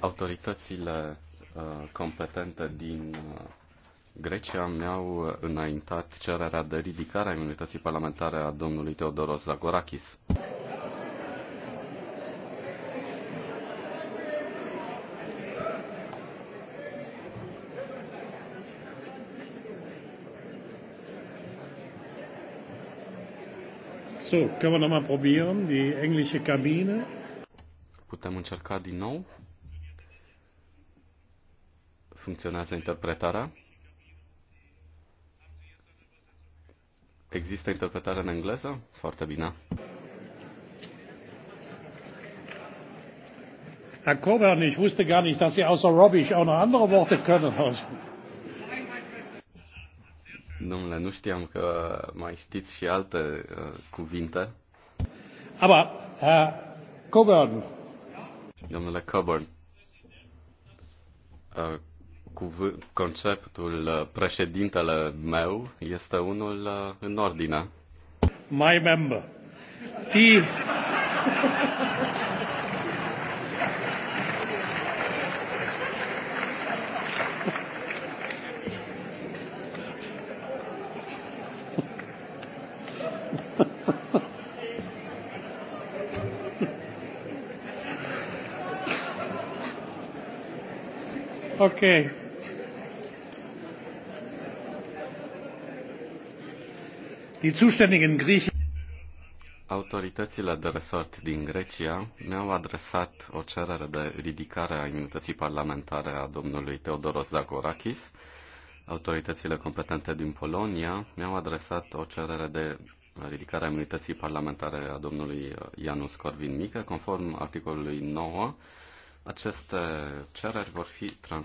Autoritățile uh, competente din uh, Grecia mi-au înaintat cererea de ridicare a imunității parlamentare a domnului Teodoros Zagorakis. So, können wir nochmal probieren, die englische Kabine. Putem încerca din nou. Funcționează interpretarea. Există interpretare în engleză? Foarte bine. Herr Kober, ich wusste gar nicht, dass Sie außer Robbisch auch noch andere Worte können. Also. Domnule, nu știam că mai știți și alte uh, cuvinte. Aber, uh, Coburn. Domnule Coburn, uh, cuv- conceptul uh, președintele meu este unul uh, în ordine. My member. Die Ok. Autoritățile de resort din Grecia ne au adresat o cerere de ridicare a imunității parlamentare a domnului Teodoros Zagorakis. Autoritățile competente din Polonia ne au adresat o cerere de ridicare a imunității parlamentare a domnului Ianus Corvin Mică, conform articolului 9 aceste cereri vor fi transmise.